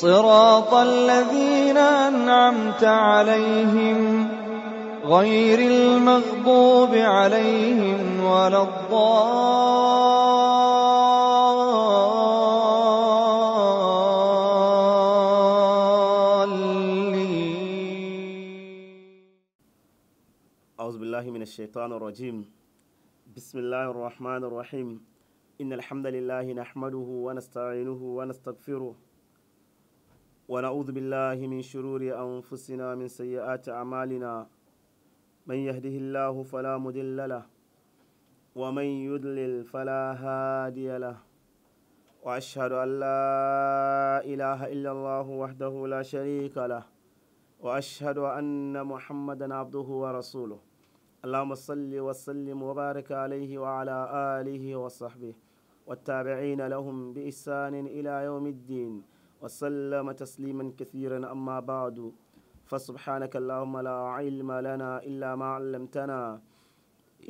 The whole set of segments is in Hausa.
صراط الذين أنعمت عليهم غير المغضوب عليهم ولا الضالين أعوذ بالله من الشيطان الرجيم بسم الله الرحمن الرحيم إن الحمد لله نحمده ونستعينه ونستغفره ونعوذ بالله من شرور أنفسنا من سيئات أعمالنا من يهده الله فلا مضل له ومن يضلل فلا هادي له وأشهد أن لا إله إلا الله وحده لا شريك له وأشهد أن محمدا عبده ورسوله اللهم صل وسلم وبارك عليه وعلى آله وصحبه والتابعين لهم بإحسان إلى يوم الدين وسلم تسليما كثيرا أما بعد فسبحانك اللهم لا علم لنا إلا ما علمتنا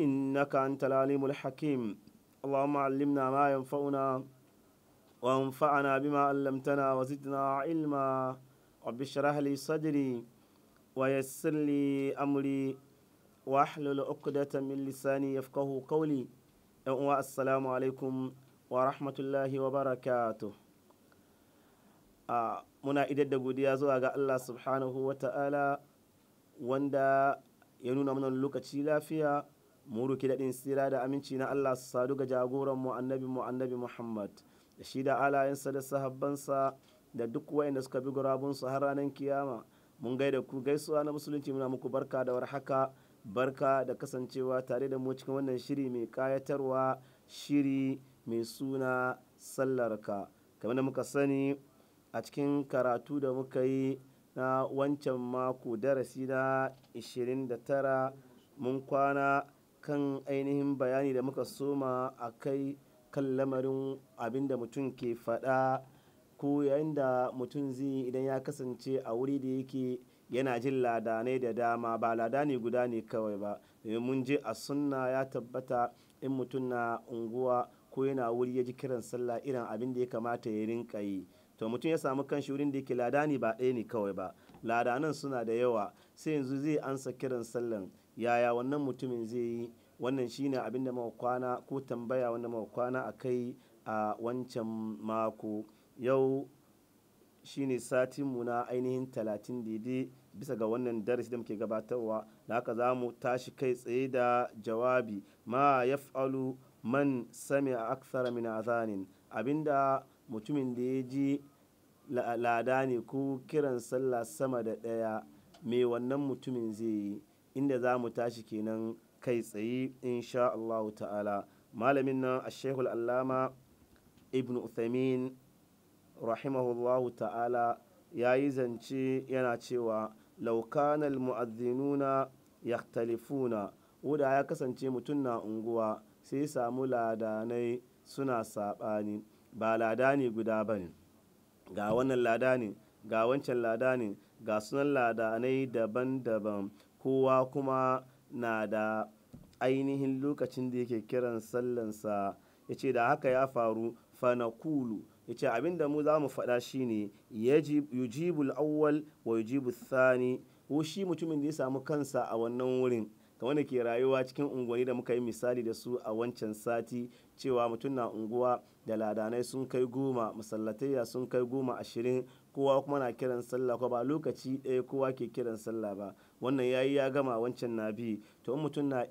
إنك أنت العليم الحكيم اللهم علمنا ما ينفعنا وانفعنا بما علمتنا وزدنا علما رب اشرح لي صدري ويسر لي أمري واحلل عقدة من لساني يفقه قولي السلام عليكم ورحمة الله وبركاته muna idar da godiya zuwa ga Allah subhanahu wa ta'ala wanda ya nuna mana lokaci lafiya mu ruki daɗin tsira da aminci na Allah su sadu ga jagoran mu annabi mu annabi Muhammad da shi da alayensa da sahabbansa da duk wayanda suka bi gurabunsu har ranar kiyama mun gaida ku gaisuwa na musulunci muna muku barka da warhaka barka da kasancewa tare da mu cikin wannan shiri mai kayatarwa shiri mai suna sallarka kamar da muka sani a cikin karatu da muka yi na wancan mako darasi na 29 mun kwana kan ainihin bayani da muka soma a kai kan lamarin abinda da mutum ke faɗa ko yayin da mutum zai yi idan ya kasance a wuri da yake yana jin ladanai da dama ba lada ne guda ne kawai ba domin mun je a sunna ya tabbata in mutum na unguwa ko yana wuri ya ji kiran sallah irin abin da ya kamata ya rinka yi to mutum ya samu shi wurin da yake ne ba ɗaya ne kawai ba lada nan suna da yawa sai yanzu zai ansa kiran sallan yaya wannan mutumin zai yi wannan shine abin da muka kwana ko tambaya wanda muka kwana a kai a wancan mako yau shine satinmu na ainihin talatin daidai bisa ga wannan darasi da muke gabatarwa da haka za mu tashi kai tsaye da jawabi ma yaf'alu man sami a aksara min azanin abinda mutumin da ya ji lada ne ko kiran sallah sama da ɗaya me wannan mutumin zai yi inda za mu tashi kenan kai tsaye insha Allah ta'ala malamin nan a shehul allama ibn uthamin rahimahullahu ta'ala ya yi zance yana cewa laukanal mu'adzinuna yakhtalifuna wuda ya kasance mutum na unguwa sai samu ladanai suna saɓani ba ladani guda ba ne ga wannan lada ne ga wancan lada ne ga sunan lada ladanai daban-daban kowa kuma na da ainihin lokacin da yake kiran sallansa ya ce da haka ya faru fanakulu ya ce abinda mu za mu faɗa shine yujibul auwal wa yujibul sani ko shi mutumin da ya samu kansa a wannan wurin ga wanda ke rayuwa cikin unguwanni da muka yi misali da su a wancan sati cewa mutum na unguwa da ladanai sun kai goma masallatayya sun kai goma ashirin kowa kuma na kiran sallah ko ba lokaci ɗaya kowa ke kiran sallah ba wannan ya yi ya gama wancan na bi to in mutum na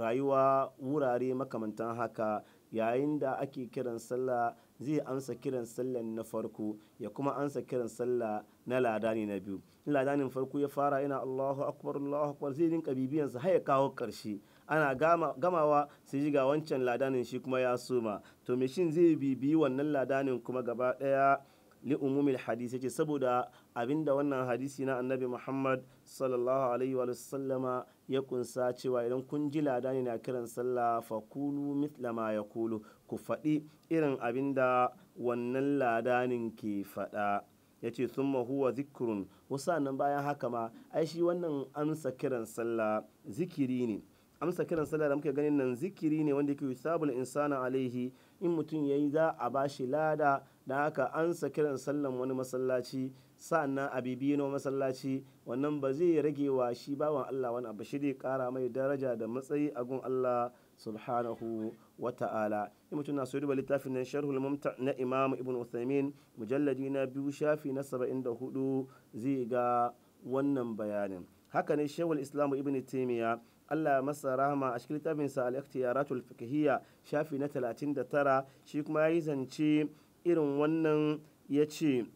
rayuwa wurare makamantan haka yayin da ake kiran sallah zai amsa kiran sallah na farko ya kuma amsa kiran sallah na ladani na biyu ladanin farko ya fara yana Allahu akbar Allahu akbar zai rinka bibiyansa har ya kawo ƙarshe ana gamawa sai shiga wancan ladanin shi kuma ya soma to me shin zai bibiyi wannan ladanin kuma gaba ɗaya li umumil hadisi yace saboda abinda wannan hadisi na annabi Muhammad sallallahu alaihi wa sallama ya kunsa cewa idan kun ji ladani na kiran sallah fa kulu mithla ma yaqulu ku faɗi irin abinda wannan ladanin ke faɗa ya ce sun mahuwa zikirun wasu nan bayan haka ma ai shi wannan amsa kiran sallah zikiri ne amsa kiran sallah da muke ganin nan zikiri ne wanda yake yusabul insana alaihi in mutum yayi za a bashi lada da haka amsa kiran sallan wani masallaci sa'annan a na masallaci wannan ba zai rage wa shi bawan Allah wani abu shi kara mai daraja da matsayi a gun Allah subhanahu wa ta'ala in mutum na so duba littafin nan sharhul mumta na imam ibn usaimin mujalladi na biyu shafi na 74 zai ga wannan bayanin haka ne shawul islam ibn taymiya Allah masa rahama a cikin littafin sa al-ikhtiyaratul fiqhiyya shafi na talatin tara shi kuma yayi zance irin wannan yace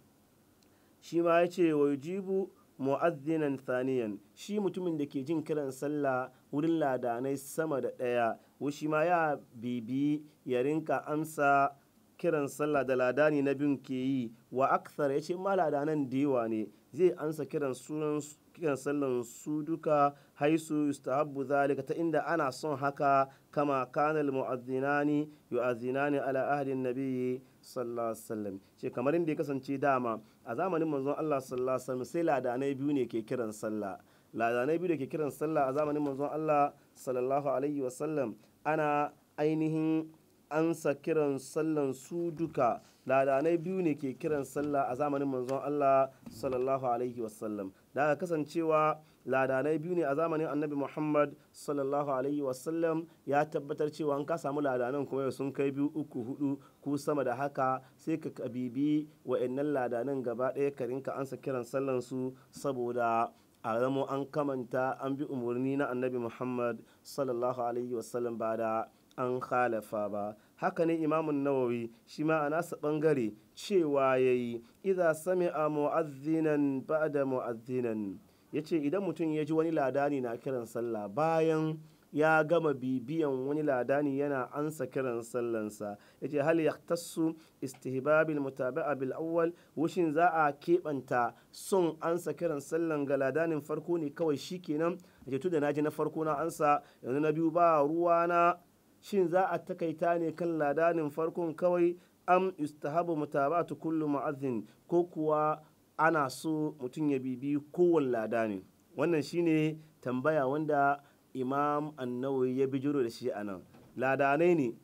shi ma yace wa yujibu mu'azzinan thaniyan shi mutumin da ke jin kiran sallah wurin ladanai sama da ɗaya shi ma ya bibi ya rinka amsa kiran sallah da ladani na bin ke yi wa akthar ya ce ma nan da yawa ne zai ansa kiran sunan kiran sallan su duka haisu yustahabbu zalika ta inda ana son haka kama kanal mu'azzinani yu'azzinani ala ahli nabiyyi sallallahu alaihi wasallam ce kamar inda ya kasance dama a zamanin manzon Allah sallallahu alaihi wasallam sai ladanai biyu ne ke kiran sallah ladanai biyu da ke kiran sallah a zamanin manzon Allah sallallahu alaihi wasallam ana ainihin ansa kiran sallan su duka ladanai biyu ne ke kiran sallah a zamanin manzon Allah sallallahu alaihi wasallam da kasancewa ladanai biyu ne a zamanin annabi Muhammad sallallahu alaihi wasallam ya tabbatar cewa an ka samu ladanan kuma sun kai biyu uku hudu ko sama da haka sai ka kabibi wa'annan ladanan gaba ɗaya ka rinka ansa kiran sallan su saboda a zamo an kamanta an bi umarni na annabi muhammad sallallahu alaihi wasallam ba da an khalafa ba haka ne imamun nawawi shi ma a nasa bangare cewa ya yi iza sami'a mu'azzinan da mu'azzinan ya ce idan mutum ya ji wani ladani na kiran sallah bayan ya gama bibiyan wani ladani yana ansa kiran sallansa ya ce hal yaktassu istihbabil mutaba'a bil awwal wushin za a kebanta son ansa kiran sallan ga ladanin farko ne kawai shikenan ya ce da naji na farko na ansa yanzu na biyu ba ruwa na shin za a takaita ne kan ladanin farkon kawai am yustahabu mutaba'atu kullu ma'azin ko kuwa ana so mutum ya bibi kowanne ladanin wannan shine tambaya wanda imam annawi ya bijiro da shi a nan ladanai ne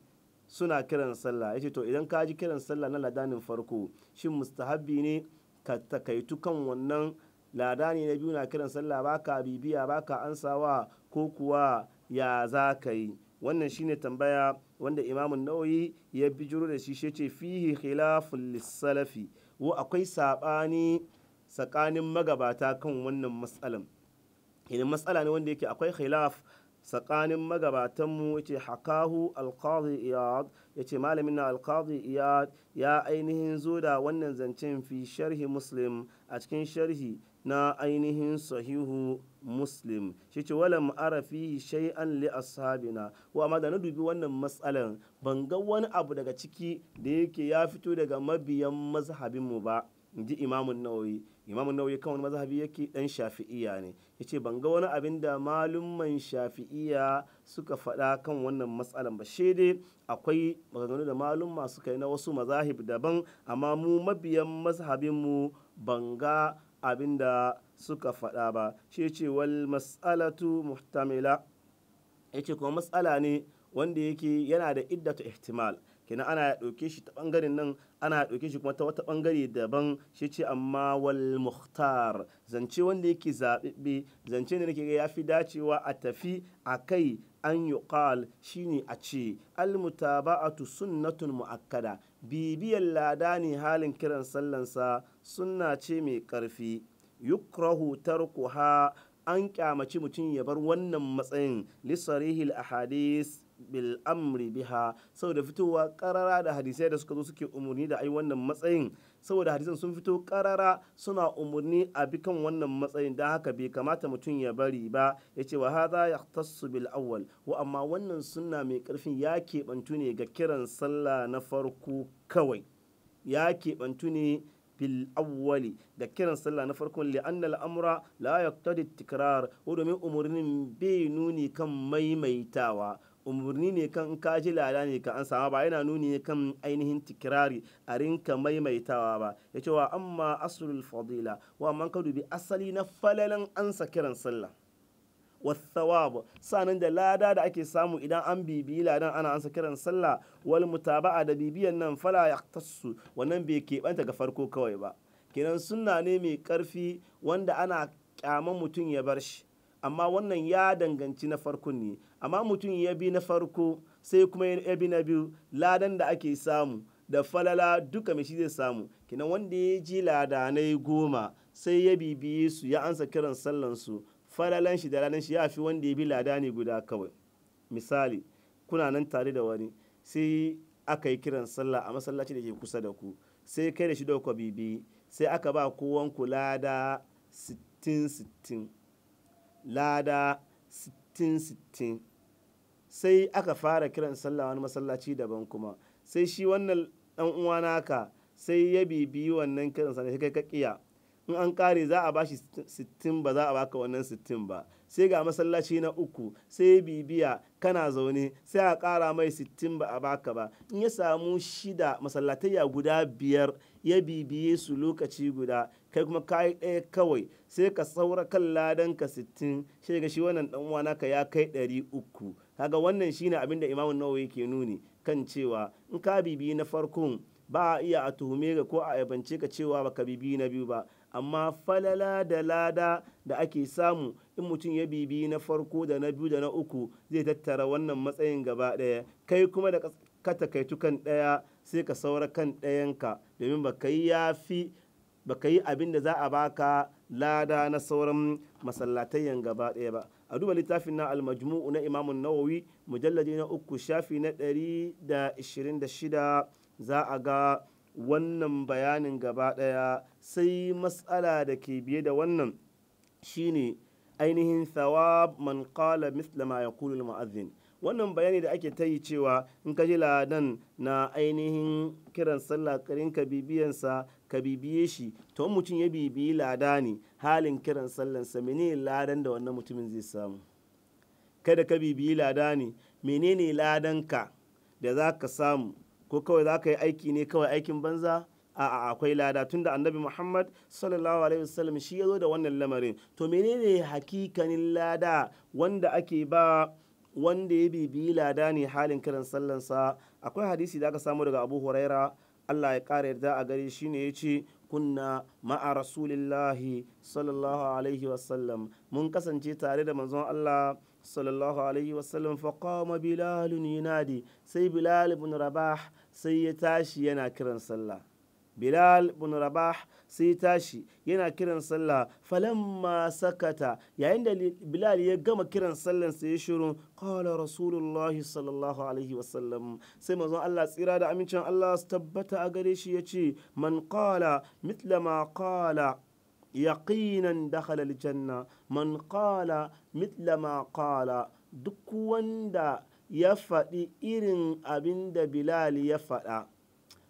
suna kiran sallah yace to idan ka ji kiran sallah na ladanin farko shin mustahabbi ne ka takaitu kan wannan ladani na biyu na kiran sallah baka bibiya baka ansawa ko kuwa ya za ka yi wannan shine tambaya wanda imamun nauyi ya bijiro da shi ce fihi khilafun lissalafi wa akwai saɓani tsakanin magabata kan wannan matsalan idan matsala ne wanda yake akwai khilaf tsakanin magabatanmu yace hakahu alqadi iyad yace malamin na alqadi iyad ya ainihin zo da wannan zancen fi sharhi muslim a cikin sharhi na ainihin sahihu muslim shi ce walam ara fihi shay'an li ashabina wa amma da na dubi wannan matsalan ban ga wani abu daga ciki da yake ya fito daga mabiyan mazhabinmu ba inji imamun nawawi imamu nauyi kan wani mazhabi yake dan shafi'iya ne yace ban ga wani abin da malumman shafi'iya suka faɗa kan wannan matsalan ba shi dai akwai maganganu da malumma suka yi na wasu mazahib daban amma mu mabiyan mazhabin mu ban ga abin da suka faɗa ba shi ce wal mas'alatu muhtamila yace kuma matsala ne wanda yake yana da iddatu ihtimal kenan ana ɗauke shi ta ɓangaren nan ana ɗauke shi kuma ta wata ɓangare daban shi ce amma wal muhtar zance wanda yake zaɓiɓɓe zance ne nake ga ya fi dacewa a tafi a kai an yi ƙal shi ne a ce al-mutaaba'a mutaba'atu sunnatun mu'akkada bibiyar lada ne halin kiran sallansa sunna ce mai ƙarfi yukrahu tarkuha an kyamaci mutum ya bar wannan matsayin a ahadis bil amri biha saboda fitowa karara da hadisai da suka zo suke umarni da ai wannan matsayin saboda hadisan sun fito karara suna umarni a bi kan wannan matsayin da haka bai kamata mutum ya bari ba ya ce wa ya yahtassu bil awwal wa amma wannan sunna mai karfin ya keɓantu ne ga kiran sallah na farko kawai ya keɓantu ne fil awwali da kiran sallah na farkon li'anna al'amura la yaqtadi tikrar ko domin umurnin bai nuni kan maimaitawa umurni ne kan in ka ji lada ne ka an sama ba yana nuni ne kan ainihin tikirari a rinka maimaitawa ba ya ce wa amma asulul fadila wa man ka dubi asali na falalan ansa kiran sallah thawab sanan da lada da ake samu idan an bibiyi ladan ana ansa kiran sallah wal mutaba'a da bibiyan nan fala yaqtassu wannan bai keɓanta ga farko kawai ba kenan sunna ne mai karfi wanda ana kyaman mutum ya bar shi amma wannan ya danganci na farkon ne amma mutum ya bi na farko sai kuma ya bi na biyu ladan da ake samu da falala duka mai shi zai samu kinan wanda ya ji ladanai goma sai ya bibiye su ya ansa kiran sallan su falalan shi da ladan shi ya fi wanda ya bi lada ne guda kawai misali kuna nan tare da wani sai aka yi kiran sallah a masallaci da ke kusa da ku sai kai da shi da ku bibi sai aka ba kowan ku lada 60 60 lada 60 60 sai aka fara kiran sallah wani masallaci daban kuma sai shi wannan dan uwa naka sai ya bibiyi wannan kiran sallah sai kai ka kiya in an kare za a bashi 60 ba za a baka wannan 60 ba sai ga masallaci na uku sai bibiya kana zaune sai a kara mai 60 ba a baka ba in ya samu shida masallatayya guda biyar ya bibiye su lokaci guda kai kuma kayi ɗaya kawai sai ka saura kan ladan ka 60 sai ga shi wannan dan uwa naka ya kai uku. kaga wannan shine abin da imamun nawawi ke nuni kan cewa in ka bibi na farkon ba a iya a tuhume ga ko a yabance ka cewa baka bibi na biyu ba amma falala da lada da ake samu in mutum ya bibi na farko da na biyu da na uku zai tattara wannan matsayin gaba ɗaya kai kuma da ka takaitu kan ɗaya sai ka saura kan ɗayanka domin baka yi yafi baka yi abin da za a baka lada na sauran masallatayen gaba ɗaya ba a duba littafin na almajmu'u na imamun nawawi mujalladi na uku shafi na 126 za a ga wannan bayanin gaba ɗaya sai matsala da ke biye da wannan shine ainihin thawab man qala mithla ma yaqulu al-mu'adhdhin wannan bayani da ake ta yi cewa in ka ji ladan na ainihin kiran sallah karin ka bibiyansa ka bibiye shi to mutum ya bibiyi lada ne halin kiran sallansa menene ladan da wannan mutumin zai samu kada ka bibiyi lada ne menene ladanka da za ka samu ko kawai za ka yi aiki ne kawai aikin banza a'a akwai lada tunda annabi Muhammad sallallahu alaihi wasallam shi ya zo da wannan lamarin to menene hakikanin lada wanda ake ba wanda ya bibiyi lada ne halin kiran sallansa akwai hadisi da aka samu daga abu huraira allah ya ƙara yarda a gari shi ne ya ce kunna ma'a rasulillahi sallallahu alaihi wasallam mun kasance tare da manzon allah sallallahu alaihi wasallam faqama bilalun yunadi sai bilal ibn rabah sai ya tashi yana kiran sallah bilal bin rabah sai tashi yana kiran sallah falamma sakata yayin da bilal ya gama kiran sallan sai ya shiru qala rasulullah sallallahu alaihi wasallam sai manzon Allah tsira da amincin Allah su tabbata a gare shi yace man qala mithla ma qala yaqinan dakhala aljanna man qala mithla ma qala duk wanda ya faɗi irin abin da bilal ya faɗa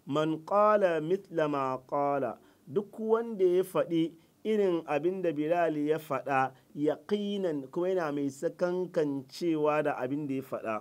man qala mitla ma qala duk wanda ya faɗi irin abin da Bilal ya faɗa yaqinan kuma yana mai sakankan cewa da abin da ya faɗa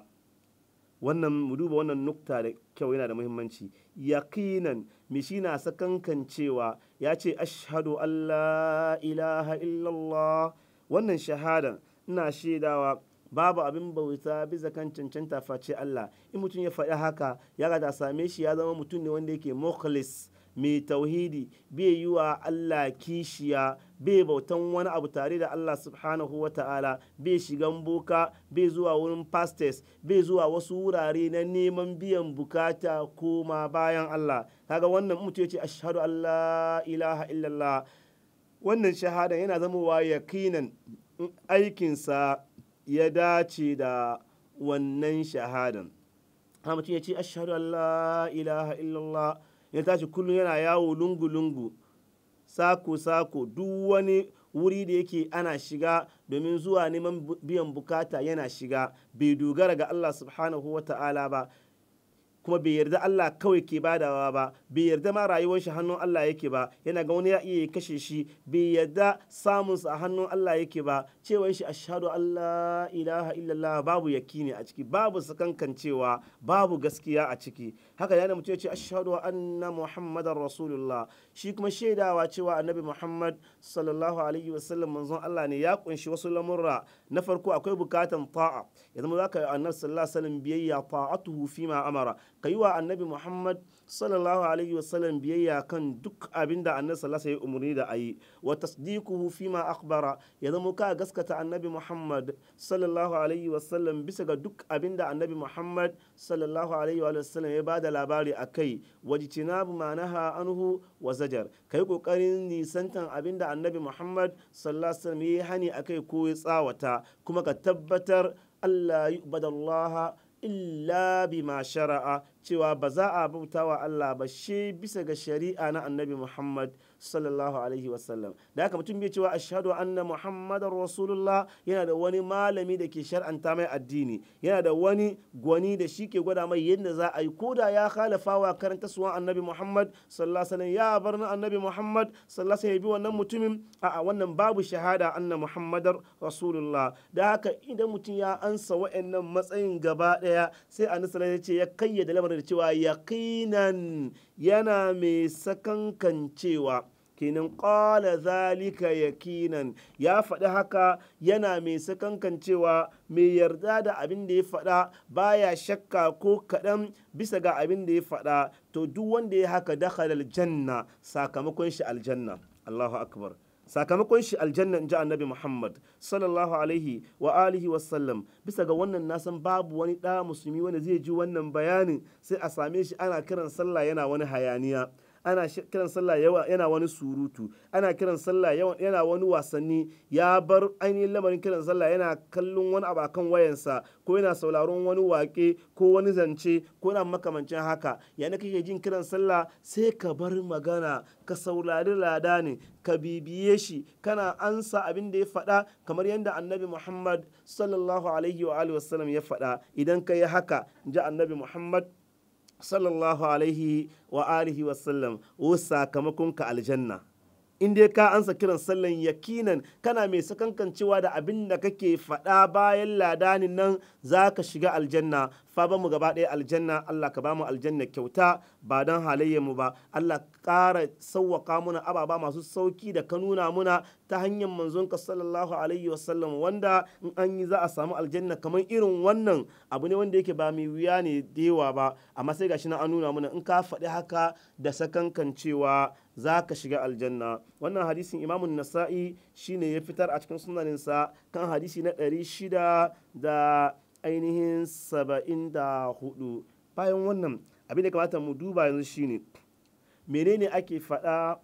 wannan mu duba wannan nukta da kyau yana da muhimmanci yaqinan shi na sakankan cewa ya ce ashhadu allah ilaha illallah wannan shahadan ina shaidawa babu abin bauta bisa kan cancanta face Allah in mutum ya faɗi haka ya ga da same shi ya zama mutum ne wanda yake mukhlis mai tauhidi bai yi wa Allah kishiya bai bautan wani abu tare da Allah subhanahu wa ta'ala bai shigan boka bai zuwa wurin pastors bai zuwa wasu wurare na neman biyan bukata ko ma bayan Allah kaga wannan mutum yace ashhadu alla ilaha illallah wannan shahada yana wa yaqinan aikinsa ya dace da wannan shahadan ha mutum ya ce ashhadu an la illallah ya tashi kullum yana yawo lungu-lungu sako-sako duk wani wuri da yake ana shiga domin zuwa neman biyan bukata yana shiga bai dogara ga Allah subhanahu wa ta'ala ba kuma bai yarda Allah kawai ke badawa ba bai yarda ma rayuwar shi hannun Allah yake ba yana ga wani ya iya kashe shi bai yarda samun sa hannun Allah yake ba cewa shi ashhadu Allah ilaha illallah babu yakini a ciki babu sakankancewa babu gaskiya a ciki haka yana mutum ya ce ashhadu anna muhammadar rasulullah shi kuma shaidawa cewa annabi muhammad sallallahu alaihi wasallam manzon Allah ne ya kunshi wasu lamurra na farko akwai bukatan ta'a yanzu zaka annabi sallallahu alaihi wasallam biyayya ta'atuhu fima amara ka yi wa annabi muhammad sallallahu alaihi wasallam biyayya kan duk abin da annabi sallallahu alaihi umarni da ayi wa tasdiquhu ma akhbara ya zama ka gaskata annabi muhammad sallallahu alaihi wasallam bisa ga duk abin da annabi muhammad sallallahu alaihi wasallam ya bada labari akai wajtinabu ma naha anhu wa zajar kai kokarin nisantan abin da annabi muhammad sallallahu alaihi wasallam ya hani akai ko ya tsawata kuma ka tabbatar Allah yu'badallaha إلا بما شرع cewa ba za a bauta wa Allah ba shi bisa ga shari'a na annabi Muhammad sallallahu alaihi wasallam da haka mutum bai cewa ashhadu anna muhammadar rasulullah yana da wani malami da ke shar'anta mai addini yana da wani gwani da shi ke gwada mai yadda za a yi koda ya khalafa wa karanta suwan annabi muhammad sallallahu alaihi wasallam ya bar na annabi muhammad sallallahu alaihi wasallam ya bi wannan mutumin a wannan babu shahada anna muhammadar rasulullah da haka idan mutum ya ansa wa'annan matsayin gaba daya sai annabi ya ce ya kayyade lamarin da cewa yaqinan yana mai sakankan cewa kenan ƙwala zalika yakinan ya faɗi haka yana mai sakankan cewa mai yarda da abin da ya faɗa baya shakka ko kaɗan bisa ga abin da ya faɗa to duk wanda ya haka dakhala aljanna sakamakon shi aljanna Allahu akbar sakamakon shi aljanna inji annabi muhammad sallallahu alaihi wa alihi wasallam bisa ga wannan nasan babu wani ɗa musulmi wanda zai ji wannan bayanin sai a same shi ana kiran sallah yana wani hayaniya ana kiran sallah yawa yana wani surutu ana kiran sallah yana wani wasanni ya bar ainihin lamarin kiran sallah yana kallon wani abu akan wayansa ko yana sauraron wani waƙe ko wani zance ko yana makamancin haka yana kake jin kiran sallah sai ka bar magana ka saurari lada ne ka bibiye shi kana ansa abin da ya faɗa kamar yadda annabi muhammad sallallahu alaihi wa alihi wasallam ya faɗa idan ka yi haka ji annabi muhammad sallallahu alaihi wa alihi wa sallam wa sakamakon ka aljanna in dai ka ansa kiran sallan yakinan kana mai sakankancewa da abin da kake faɗa bayan ladanin nan za ka shiga aljanna faban mu gaba ɗaya aljanna Allah ka bamu aljanna kyauta ba don halayyar mu ba Allah ƙara sauwaka muna ababa masu sauki da ka nuna muna ta hanyar manzonka sallallahu alaihi wasallam wanda in an yi za a samu aljanna kamar irin wannan abu ne wanda yake ba mai wuya ne da yawa ba amma sai gashi na an nuna muna in ka faɗi haka da sakankan cewa za ka shiga aljanna wannan hadisin imamun nasa'i shine ya fitar a cikin sunaninsa kan hadisi na ɗari shida da ainihin saba'in da hudu bayan wannan abin da kamata mu duba yanzu shine menene ake faɗa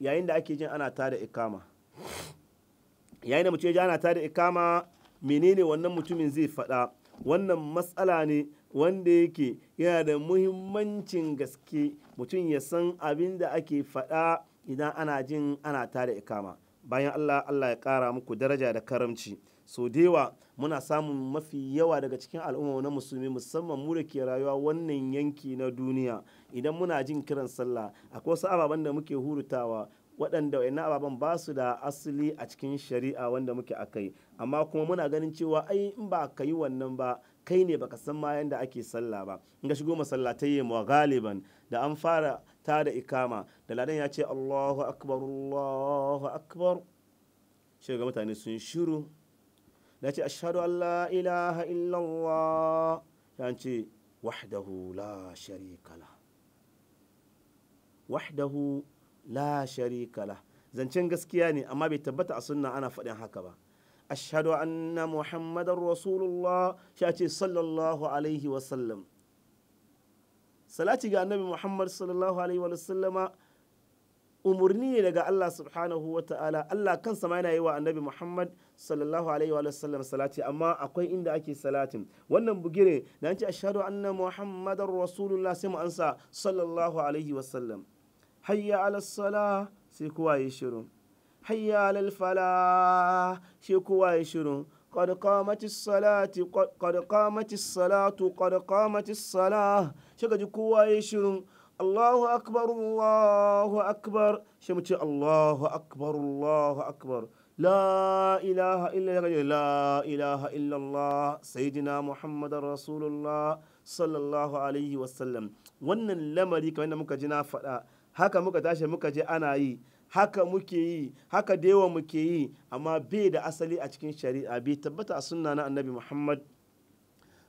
yayin da ake jin ana tada ikama yayin da mutum ya ana tada ikama menene wannan mutumin zai faɗa wannan matsala ne wanda yake yana da muhimmancin gaske mutum ya san abin da ake faɗa idan ana jin ana tada ikama bayan allah allah ya ƙara muku daraja da karamci so dewa muna samun mafi yawa daga cikin al'umma na musulmi musamman mu da ke rayuwa wannan yanki na duniya idan muna jin kiran sallah akwai wasu ababen da muke hurutawa waɗanda wayannan ababen ba su da asali a cikin shari'a wanda muke akai amma kuma muna ganin cewa ai in ba ka yi wannan ba kai ne baka san ma yanda ake sallah ba in ga shigo masallatai mu galiban da an fara ta da ikama da ladan ya ce Allahu akbar Allahu akbar shi mutane sun shiru na ce ashhadu an la ilaha illallah ta wahdahu la sharika la wahdahu la sharika la zancen gaskiya ne amma bai tabbata a sunna ana faɗin haka ba ashhadu anna muhammadar rasulullah sha ce sallallahu alaihi wasallam salati ga annabi muhammad sallallahu alaihi wasallama umarni ne daga Allah subhanahu wa ta'ala Allah kansa ma yana yi wa annabi Muhammad sallallahu alaihi wa sallam salati amma akwai inda ake salatin wannan bugire da an ce ashhadu anna muhammadar rasulullah sai mu ansa sallallahu alaihi wa sallam hayya ala salah sai kowa ya shiru hayya ala fala sai kowa ya shiru قد قامت الصلاة قد قامت salatu قد قامت الصلاة شكا جي Allahu akbar Allahu akbar sai mu ce Allahu akbar Allahu akbar la ilaha illa la ilaha illa allah sayyidina muhammadar rasulullah sallallahu alaihi wasallam wannan lamari kamar da muka ji na faɗa haka muka tashi muka je ana yi haka muke yi haka dewa yawa muke yi amma bai da asali a cikin shari'a bai tabbata a sunna na annabi muhammad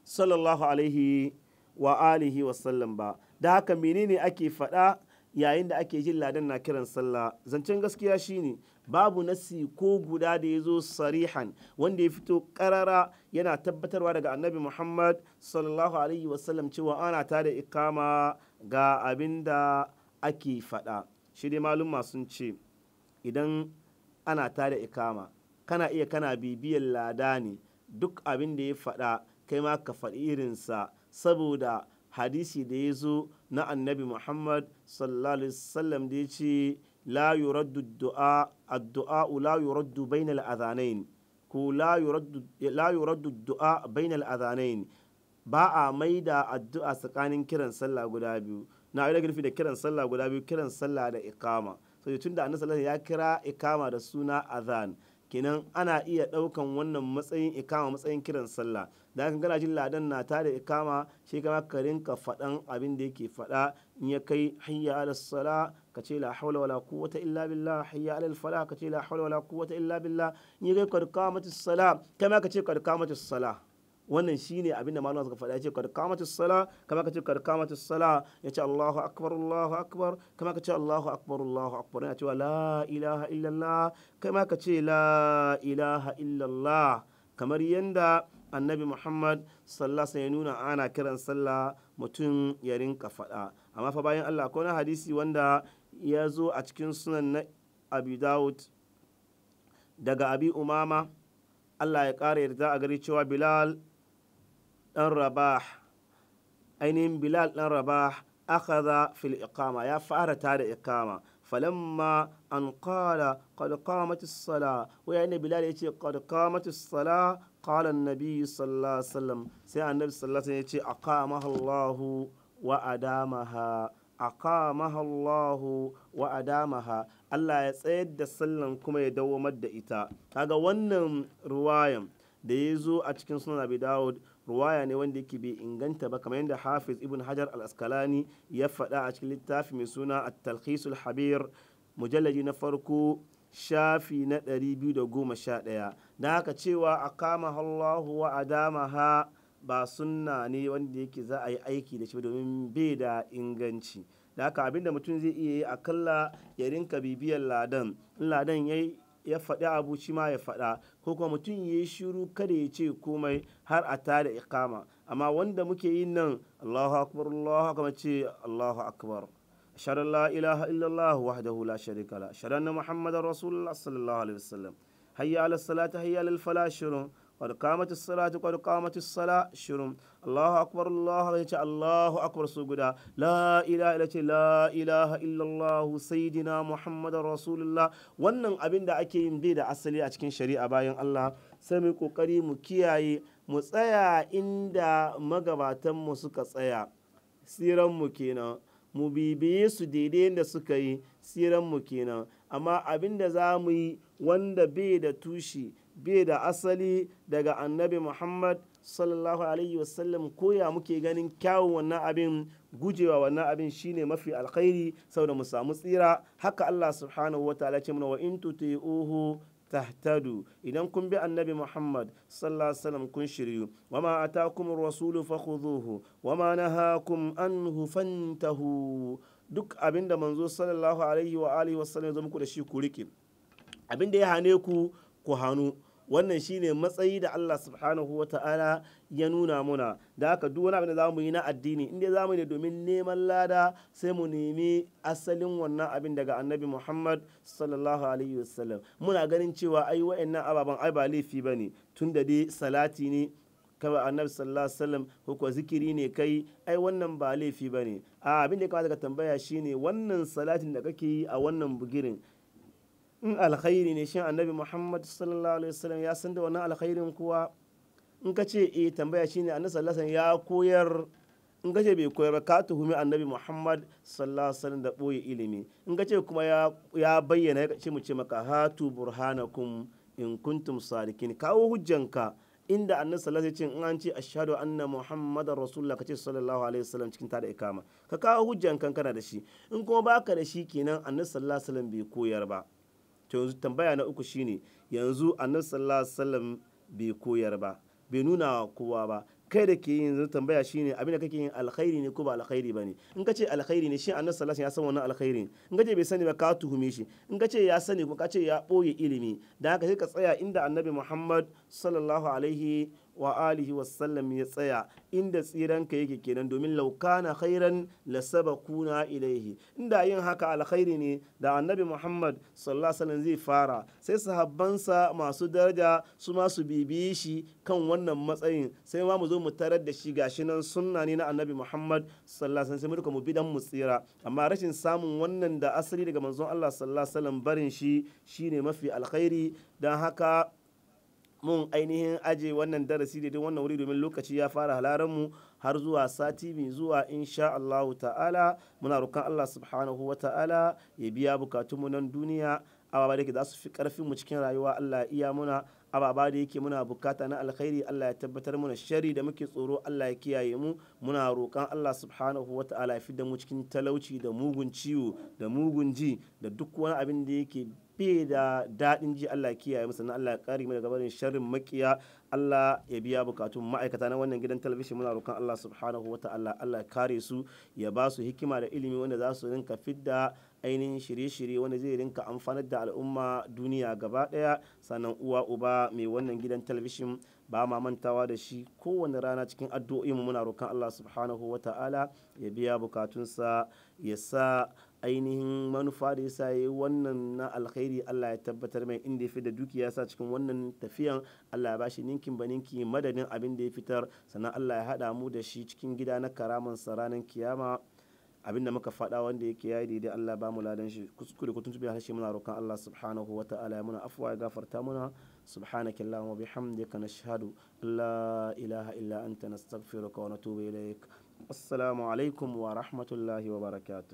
sallallahu alaihi wa alihi wasallam ba da haka menene ake faɗa yayin da ake jin ladan na kiran sallah zancen gaskiya shine babu nasi ko guda da ya zo sarihan wanda ya fito karara yana tabbatarwa daga annabi muhammad sallallahu alaihi wasallam cewa ana ta da ikama ga abin da ake faɗa shi dai malumma sun ce idan ana ta da ikama kana iya kana bibiyar lada ne duk abin da ya faɗa kai ma ka faɗi irinsa saboda hadisi da ya zo na annabi muhammad sallallahu alaihi wasallam da ya ce la yuraddu du'a addu'a la yuraddu bainal adhanain ko la yuraddu du'a bainal adhanain ba a maida addu'a tsakanin kiran sallah guda biyu na yi da da kiran sallah guda biyu kiran sallah da iqama sai tunda annabi sallallahu alaihi wasallam ya kira iqama da suna adhan kenan ana iya ɗaukan wannan matsayin ikama matsayin kiran sallah da kan gana jin ladan na ta da ikama shi kama ka rinka faɗan abin da yake faɗa in ya kai hayya ala sala ka ce la hawla wala quwwata illa billah hayya ala fala ka ce la hawla wala quwwata illa billah in ya kai qad qamatis sala kama ka ce qad qamatis sala wannan shine abin da malama suka faɗa yace kad qamatu sala kama kace kad qamatu sala yace Allahu akbar Allahu akbar kama kace Allahu akbar Allahu akbar yace cewa la ilaha illallah kama kace la ilaha illallah kamar yanda annabi Muhammad sallallahu alaihi ya nuna ana kiran sallah mutum ya rinka faɗa amma fa bayan Allah ko na hadisi wanda ya zo a cikin sunan na Abi Dawud daga Abi Umama Allah ya ƙara yarda a gari cewa Bilal ɗan rabah ainihin bilal ɗan rabah akhadha fil iqama ya fara tada iqama falamma an qala qad qamat as-sala wa ya bilal yace qad qamat as-sala qala an-nabi sallallahu alaihi wasallam sai annabi sallallahu alaihi wasallam yace aqamaha Allah wa adamaha aqamaha Allah wa adamaha Allah ya tsayar da sallan kuma ya dawo da ita kaga wannan ruwayan da ya zo a cikin sunan Abi Dawud ruwaya ne wanda yake bai inganta ba kamar yadda hafiz ibn hajar al-askalani ya faɗa a cikin littafi mai suna at-talkhisul habir mujallaji na farko shafi na biyu da goma sha ɗaya haka cewa a kama hallahu wa adama ha ba sunna ne wanda yake za a yi aiki da shi domin bai da inganci da haka abinda mutum zai iya yi akalla ya rinka bibiyar ladan in ladan ya yi ya faɗi abu shi ma ya faɗa ko kuma mutum ya yi shiru kada ya ce komai har a da ikama amma wanda muke yin nan Allahu akbar Allahu akbar ce Allahu akbar ashhadu la ilaha illallah wahdahu la sharika la ashhadu anna muhammadar rasulullah sallallahu alaihi wasallam hayya ala salati hayya ala falah qad qamati salatu qad qamati sala shirin Allahu akbar Allahu ya Allahu akbar su guda la ilaha illa ce la ilaha illallah sayyidina muhammadar rasulullah wannan abin da ake yin bai da asali a cikin shari'a bayan Allah sai ƙoƙari kokari mu kiyaye mu tsaya inda magabatanmu suka tsaya mu kenan mu bibiye su daidai da suka yi mu kenan amma abin da za mu yi wanda bai da tushe bai da asali daga annabi muhammad sallallahu alaihi wasallam koya muke ganin kyawun wannan abin gujewa wannan abin shine mafi alkhairi saboda mu samu tsira haka allah subhanahu wa ta'ala ce mana wa in tuti'uhu tahtadu idan kun bi annabi muhammad sallallahu alaihi wasallam kun shiryu wama atakum rasulu fakhudhuhu ma nahakum anhu fantahu duk abin da manzo sallallahu alaihi wa alihi wasallam ya zo muku da shi ku rike abin da ya hane ku ku hanu wannan shine matsayi da Allah subhanahu wa ta'ala ya nuna muna da haka duk wani abin da zamu yi na addini inda zamu yi domin neman lada sai mu nemi asalin wannan abin daga annabi Muhammad sallallahu alaihi wasallam muna ganin cewa ai wa'annan ababen ai ba laifi bane da dai salati ne kawai annabi sallallahu alaihi wasallam ko kuwa zikiri ne kai ai wannan ba laifi bane a abin da ya kamata ka tambaya shine wannan salatin da kake yi a wannan bugirin in alkhairi ne shin annabi muhammad sallallahu alaihi wasallam ya san da wannan alkhairin kuwa in ka ce eh tambaya shine annabi sallallahu alaihi wasallam ya koyar in ka ce bai koyar ba ka tuhumi annabi muhammad sallallahu alaihi wasallam da boye ilimi in ka ce kuma ya bayyana ce mu ce maka hatu burhanakum in kuntum sadiqin kawo hujjanka inda annabi sallallahu alaihi wasallam an ce ashhadu anna muhammadar rasulullah kace sallallahu alaihi wasallam cikin da ikama ka kawo hujjanka kana da shi in kuma baka da shi kenan annabi sallallahu alaihi wasallam bai koyar ba to yanzu tambaya na uku shine yanzu annabi sallallahu alaihi wasallam bai koyar ba bai nuna kowa ba kai da ke yin tambaya shine abin da kake yin alkhairi ne ko ba alkhairi bane in ka ce alkhairi ne shi annabi sallallahu alaihi wasallam ya san wannan alkhairi in ka bai sani ba ka tuhume shi in kace ya sani ko ka ce ya boye ilimi dan haka sai ka tsaya inda annabi Muhammad sallallahu alaihi wa alihi wasallam ya tsaya inda tsiranka yake kenan domin laukana khairan la sabakuna ilaihi inda yin haka alkhairi ne da annabi muhammad sallallahu alaihi zai fara sai sahabbansa masu daraja su ma su bibiye shi kan wannan matsayin sai ma mu zo mu tarar da shi gashi nan sunna ne na annabi muhammad sallallahu alaihi wasallam sai mu bi dan mu tsira amma rashin samun wannan da asali daga manzon Allah sallallahu alaihi barin shi shine mafi alkhairi dan haka mun ainihin aje wannan darasi da wannan wuri domin lokaci ya fara halaran mu har zuwa sati mai zuwa insha Allah ta'ala muna roƙon Allah subhanahu wa ta'ala ya biya bukatunmu nan duniya ababa da yake za su fi karfin mu cikin rayuwa Allah iya muna ababa da yake muna bukata na alkhairi Allah ya tabbatar muna shari da muke tsoro Allah ya kiyaye mu muna roƙon Allah subhanahu wa ta'ala ya fi da mu cikin talauci da mugun ciwo da mugun ji da duk wani abin da yake bai da daɗin ji Allah kiyaye musu na Allah ya kare mu daga barin sharrin makiya Allah ya biya bukatun ma'aikata na wannan gidan talabishin muna roƙon Allah subhanahu wa ta'ala Allah ya kare su ya ba su hikima da ilimi wanda za su rinka fidda ainihin shirye-shirye wanda zai rinka amfanar da al'umma duniya gaba ɗaya sannan uwa uba mai wannan gidan talabishin ba ma mantawa da shi kowane rana cikin addu'o'i mu muna roƙon Allah subhanahu wa ta'ala ya biya bukatunsa ya sa ainihin manufa da yasa ya wannan na alkhairi Allah ya tabbatar mai inda ya fi da dukiya sa cikin wannan tafiyan Allah ya bashi ninkin ba ninki madadin abin da ya fitar sannan Allah ya haɗa mu da shi cikin gida na karaman ranar kiyama abin da muka faɗa wanda yake yayi daidai Allah ba mu ladan shi kuskure kutun tubi harshe muna roƙon Allah subhanahu wa ta'ala ya muna afwa ya gafarta muna subhanaka allahumma bihamdika nashhadu la ilaha illa anta nastaghfiruka wa natubu ilaik assalamu alaikum wa rahmatullahi wa barakatuh